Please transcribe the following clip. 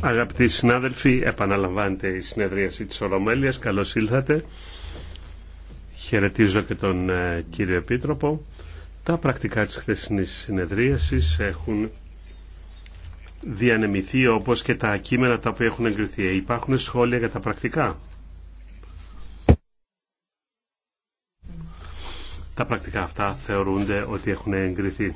Αγαπητοί συνάδελφοι, επαναλαμβάνεται η συνεδρίαση της Ολομέλειας. Καλώς ήλθατε. Χαιρετίζω και τον ε, κύριο Επίτροπο. Τα πρακτικά της χθεσινής συνεδρίασης έχουν διανεμηθεί όπως και τα κείμενα τα οποία έχουν εγκριθεί. Ε, υπάρχουν σχόλια για τα πρακτικά. Τα πρακτικά αυτά θεωρούνται ότι έχουν εγκριθεί.